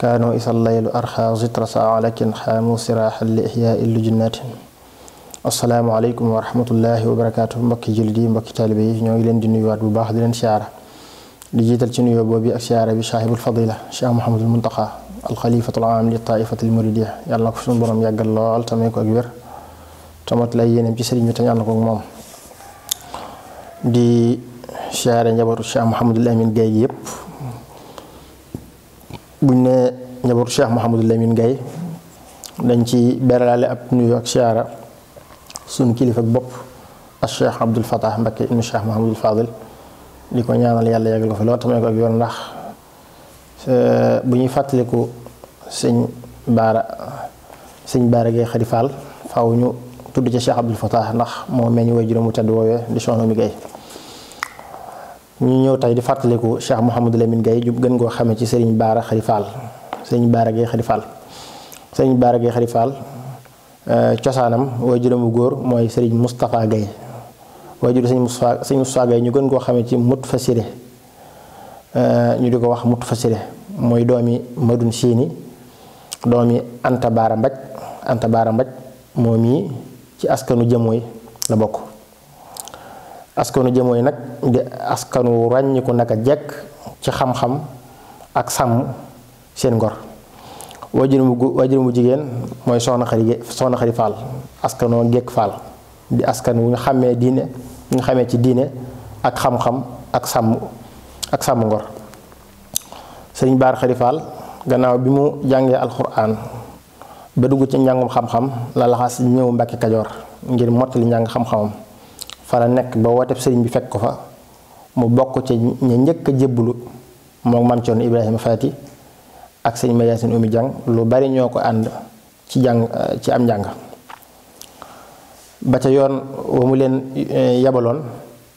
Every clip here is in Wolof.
kaanu isa laylu arxa zitra saalakin xaamu siraaxal li illu jinnatin asalaamaaleykum wa rahmatullahi wa barakaatu mbokki jullit yi mbokki taalibe yi ñoo ngi leen di nuyuwaat bu baax di leen siyaara di jiital ci nuyoo boobu ak siyaara bi saahibul fadila cheikh mohamadul muntaqa alxalifatul aam li taifatil muridiya yàlla na ko suñu borom yàggal lool tamay ko ak wér tamat lay yéeneem ci sëriñ bi te ñaan moom di siyaare njabootu cheikh amin gay buñ ne njabootu Cheikh Mouhamadou Lamine Gaye dañ ci beralaale ab nuyu ak siyaara suñu kilifa ak bopp ak Cheikh Abdoul Fatah Mbacké ibnu Cheikh Mouhamadou Fadil di ko ñaanal yàlla yàggal ko fi lool tamit ko ak yoon ndax euh, bu ñuy fàttaliku sëñ baara sëñ baara Gaye Khady Fall faw ñu tudd ci Cheikh Abdoul Fatah ndax moo meññ way juróom mu tedd woowee di soxna mi Gaye ñu ñëw tey di fàttaliku Cheikh Mouhamadou Lamine Gaye ju gën koo xamee ci Serigne Baara Khary Fall Serigne Baara Gaye Khary Fall Serigne Baara euh, cosaanam waajuram bu góor mooy Serigne Moustapha Gaye waajur Serigne Moustapha Serigne Moustapha ñu gën koo xamee ci mut fasiré euh, ñu di ko wax mut fasiré mooy doomi Madun Siini doomi Anta Baara Mbaj Anta Baara Mbaj moom yi ci askanu jëmooy la bokk askanu jëmooy nag di askanu ràññiku naka jekk ci xam-xam ak sàmm seen ngor wajur mu wajur mu jigéen mooy soxna xari soxna xari faal askanoo gékk faal di askan wu ñu xàmmee diine wu ñu xamee ci diine ak xam-xam ak sàmm ak sàmm ngor sëriñ baar xari faal gannaaw bi mu jàngee alxuraan ba dugg ci njàngum xam-xam la laxas ñëw mbàkki kajoor ngir mottali njàng xam-xamam fa la nekk ba wooteb sëriñ bi fekk ko fa mu bokk ca ña njëkk a jébbalu moom maam Cerno Ibrahima Faati ak sëñ ma Yaasin Umi jàng lu bari ñoo ko ànd ci jàng ci am njàng ba ca yoon wa mu leen eh, yabaloon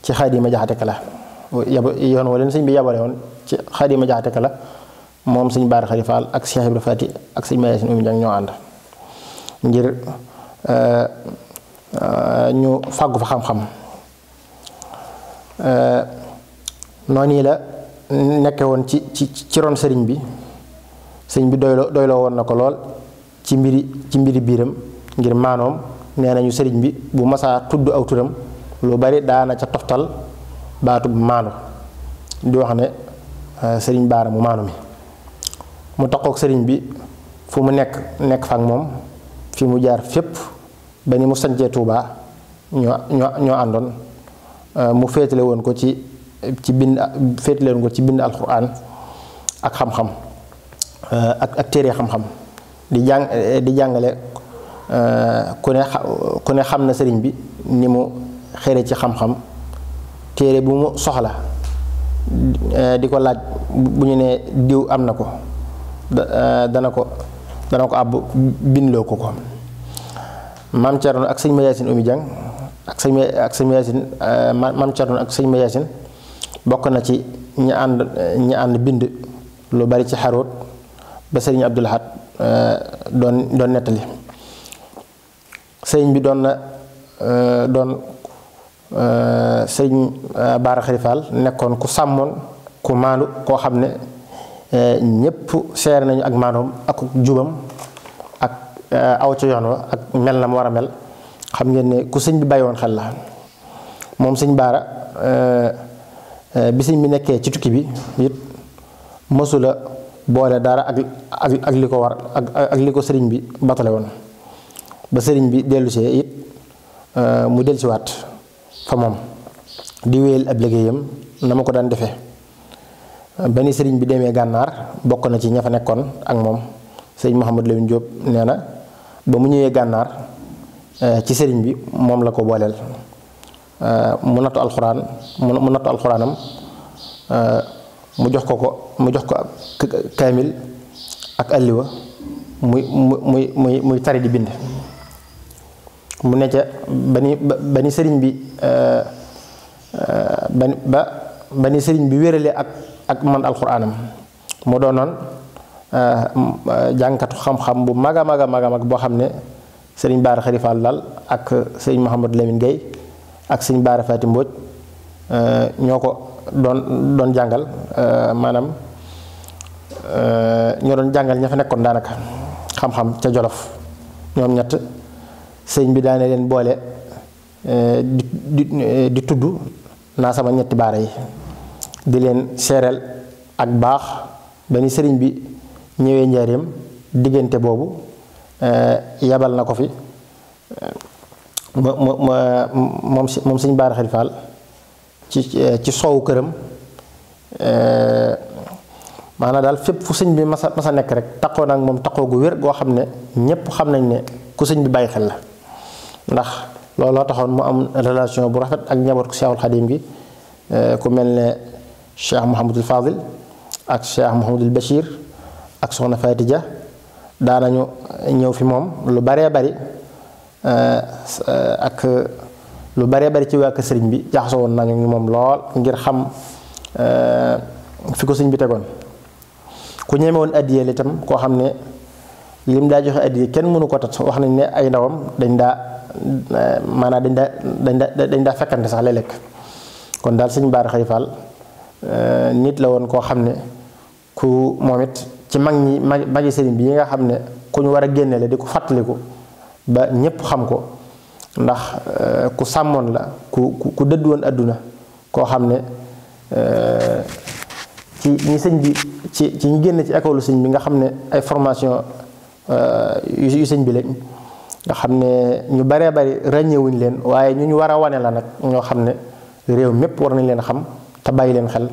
ci Xaadima yi Kala yab yoon wa sëñ bi yabale woon ci Xaadima Jaxate Kala moom sëñ Baara Xari Faal ak si Ibrahima Faati Yaasin Umi jàng ñoo ànd ngir eh, eh, ñu fàggu fa xam-xam Euh, noonu la nekke woon ci ci ci ron sëriñ bi sëriñ bi doyloo doyloo woon na ko lool ci mbiri ci mbiri biiram ngir maanoom nee nañu sëriñ bi bu masaa tudd aw lu bari daana ca toxtal baatu bu maanu di wax ne euh, sëriñ baara maanu mi mu toqook sëriñ bi fu mu nekk nekk fa moom fi mu jaar fépp ba ni mu sancee Tuubaa ñoo ñoo àndoon Euh, mu féetale woon ko ci ci bind féetale woon ko ci bind alquran ak xam-xam euh, ak ak téere xam-xam di jàng di jàngale euh, ku ne ku ne xam na sëriñ bi ni mu xëre ci xam-xam téere bu mu soxla di ko laaj bu ñu nee diw am na ko dana ko dana ko àbb bindloo ko ko maam Cerno ak sëñ ma yaasin umi jàng ak sëñ ak sëñ Yaasin eh, maam ak sëñ Yaasin bokk na ci ñi ànd ànd bind lu bari ci xaroot ba sëriñ Abdul Ahad eh, doon doon nettali sëñ bi doon na eh, doon sëñ Baara nekkoon ku sàmmoon ku maandu koo xam ne ñépp seere nañu ak maandoom ak jubam ak aw ci yoon ak mel na mu war a mel xam ngeen ne ku sëñ bi bàyyi woon xel la moom sëñ baara euh, euh, bi sëñ bi nekkee ci tukki bi it mësula boole dara ak ak ak li ko war ak li ko sëriñ bi batale woon ba sëriñ bi dellusee it euh, mu dellusiwaat fa moom di wéyal ab liggéeyam na ma ko daan defee ba ni sëriñ bi demee gànnaar bokk na ci ña fa nekkoon ak moom sëriñ Mouhamadou Lamine Diop nee na ba mu ñëwee gànnaar Euh, ci sëriñ bi moom la ko booleel euh, mu nattu alxuraan mu nattu alxuraanam euh, mu jox ko ko mu jox ko kaamil ak alliwa muy muy muy muy tari di bind mu ne ca ba ni sëriñ bi ba ni sëriñ bi wéralee ak ak man alxuraanam mu doonoon jàngkatu xam-xam bu mag a mag a mag a mag boo xam ne sëriñ Baara Xarifal Lal ak sëriñ Mouhamadou lemin Gueye ak sëriñ Baara Fatim Mbodj euh, ñoo ko doon doon jàngal euh, maanaam euh, ñoo doon jàngal ña fa nekkoon daanaka xam-xam ca Jolof ñoom ñett sëriñ bi daane leen boole di di tudd naa sama ñetti baara yi di leen seereel ak baax ba ni sëriñ bi ñëwee njaareem diggante boobu. Eh, yabal na ko fi moom si moom sëñ Bara Xadi Faal ci ci soowu këram eh, maanaa daal fépp fu sëñ bi masa masa nekk rek taqoo nag moom taqoo gu wér goo xam ne ñépp xam nañ ne ku sëñ bi bàyyi xel la ndax looloo taxoon mu am relation bu rafet ak njaboot ku Seexul Xadiim gi eh, ku mel ne Cheikh Mouhamadul Fadil ak Cheikh Mouhamadul Bachir ak Soxna Faatija daanañu ñëw fi moom lu baree bari eh, ak lu baree bari ci wàkk sëriñ bi jaxasoo woon nañu moom lool ngir xam eh, fi ko sëriñ bi tegoon ku ñeme woon addiyeel itam koo xam ne lim daa joxe addiyee kenn mënu ko tat wax nañ ne ay ndawam dañ daa eh, maanaam dañ daa dañ daa dañ daa fekkante sax léeg lekk kon daal sëñ Bara Xëy Fall nit la woon koo xam ne ku moom ci mag ñi mag magi sëriñ bi yi nga xam ne ku ñu war a génne la di ko fàttaliku ba ñépp xam ko ndax euh, ku sàmmoon la ku ku dëdd woon àdduna koo xam ne euh, ci ñi sëñ bi ci ci ñu génn ci école sëñ bi nga xam ne ay formation euh, yu sëñ bi lañ nga xam ne ñu baree bari ràññewuñ leen waaye ñu ñu war a wane la nag ñoo xam ne réew mépp war nañ leen xam te bàyyi leen xel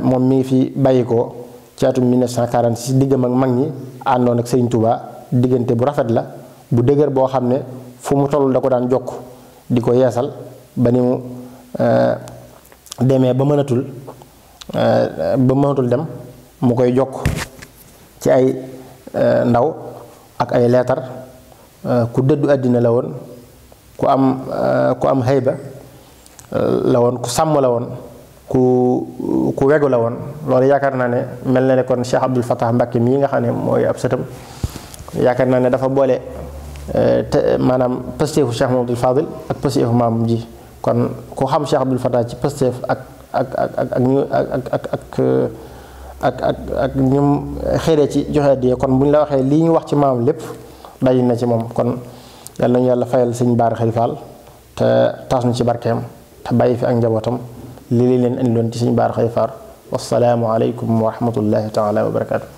moom mi fi bàyyi ko ci atum 1946 diggam ak mag ñi àndoon ak Serigne Touba diggante bu rafet la bu dëgër boo xam ne fu mu toll da ko daan jokk di ko yeesal ba ni mu euh, demee ba mënatul euh, ba mënatul dem mu koy jokk ci ay euh, ndaw ak ay leetar ku dëddu àddina la woon ku am ku am xëyba la woon ku sàmm la woon ku ku wegu la woon loolu yaakaar naa ne mel na ne kon Cheikh Abdul Fattah Mbacke mii nga xam ne mooy ab sëtam yaakaar naa ne dafa boole eh, te maanaam pësteefu Cheikh Mamadou Fadil ak pësteefu maamam ji kon ku xam Cheikh Abdul Fattah ci pësteef ak ak ak ak ak ak ak ak ak ak ak ñum ci joxe addiya kon bu ñu la waxee lii ñu wax ci maam lépp daji na ci moom kon yàlla nañu yàlla fayal sëñ Baara Xalifaal te taas ci barkeem te bàyyi fi ak njabootam li li leen andi loon ci suñu baar xëy faar wassalaamu aleykum wa rahmatullahi taala wa barakaatu